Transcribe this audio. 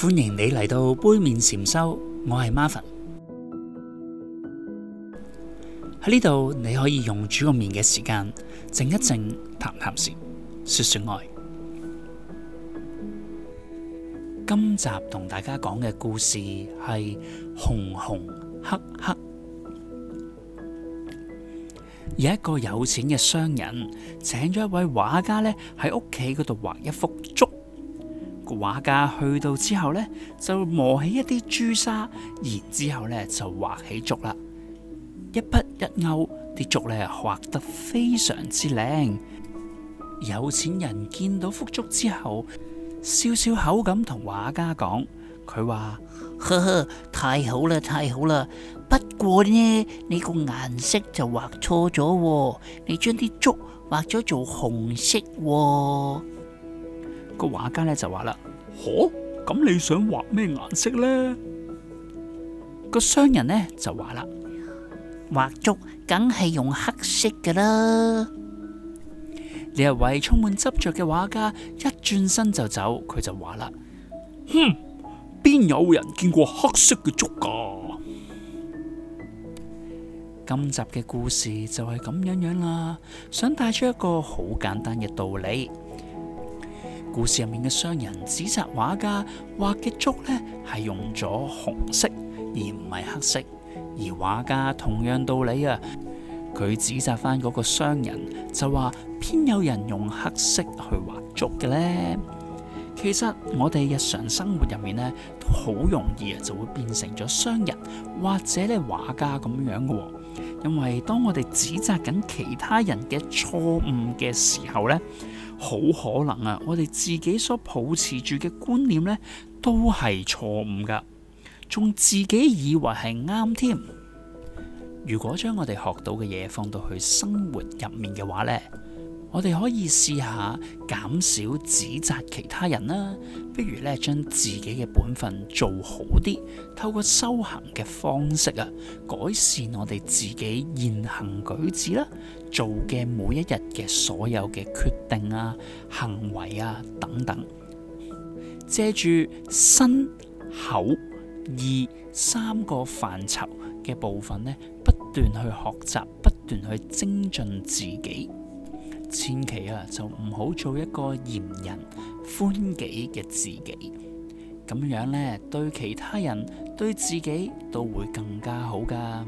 歡迎你嚟到杯麵禪修，我係 Marvin。喺呢度你可以用煮個麵嘅時間靜一靜，談談事，說說愛。今集同大家講嘅故事係紅紅黑黑。有一個有錢嘅商人，請咗一位畫家呢，喺屋企嗰度畫一幅竹。個畫家去到之後呢，就磨起一啲朱砂，然之後呢就畫起竹啦。一筆一勾啲竹呢，畫得非常之靚。有錢人見到幅竹之後，笑笑口咁同畫家講，佢話，呵呵，太好啦，太好啦。不過呢，你個顏色就畫錯咗，你將啲竹畫咗做紅色哦。個畫家呢，就話啦。哦，咁你想畫咩顏色呢？個商人呢就話啦，畫竹梗係用黑色㗎啦。呢一位充滿執着嘅畫家一轉身就走，佢就話啦：哼，邊有人見過黑色嘅竹㗎？今集嘅故事就係咁樣樣啦，想帶出一個好簡單嘅道理。故事入面嘅商人指責畫家畫嘅竹呢係用咗紅色而唔係黑色，而畫家同樣道理啊，佢指責返嗰個商人就話，邊有人用黑色去畫竹嘅呢？其實我哋日常生活入面呢，都好容易啊，就會變成咗商人或者咧畫家咁樣樣嘅。因為當我哋指責緊其他人嘅錯誤嘅時候呢，好可能啊，我哋自己所抱持住嘅觀念呢都係錯誤噶，仲自己以為係啱添。如果將我哋學到嘅嘢，放到去生活入面嘅話呢。我哋可以試下減少指責其他人啦，不如咧將自己嘅本分做好啲，透過修行嘅方式啊，改善我哋自己言行舉止啦，做嘅每一日嘅所有嘅決定啊、行為啊等等，借住身、口、意三個範疇嘅部分呢，不斷去學習，不斷去精進自己。千祈啊，就唔好做一個嚴人寬己嘅自己，咁樣咧對其他人對自己都會更加好噶。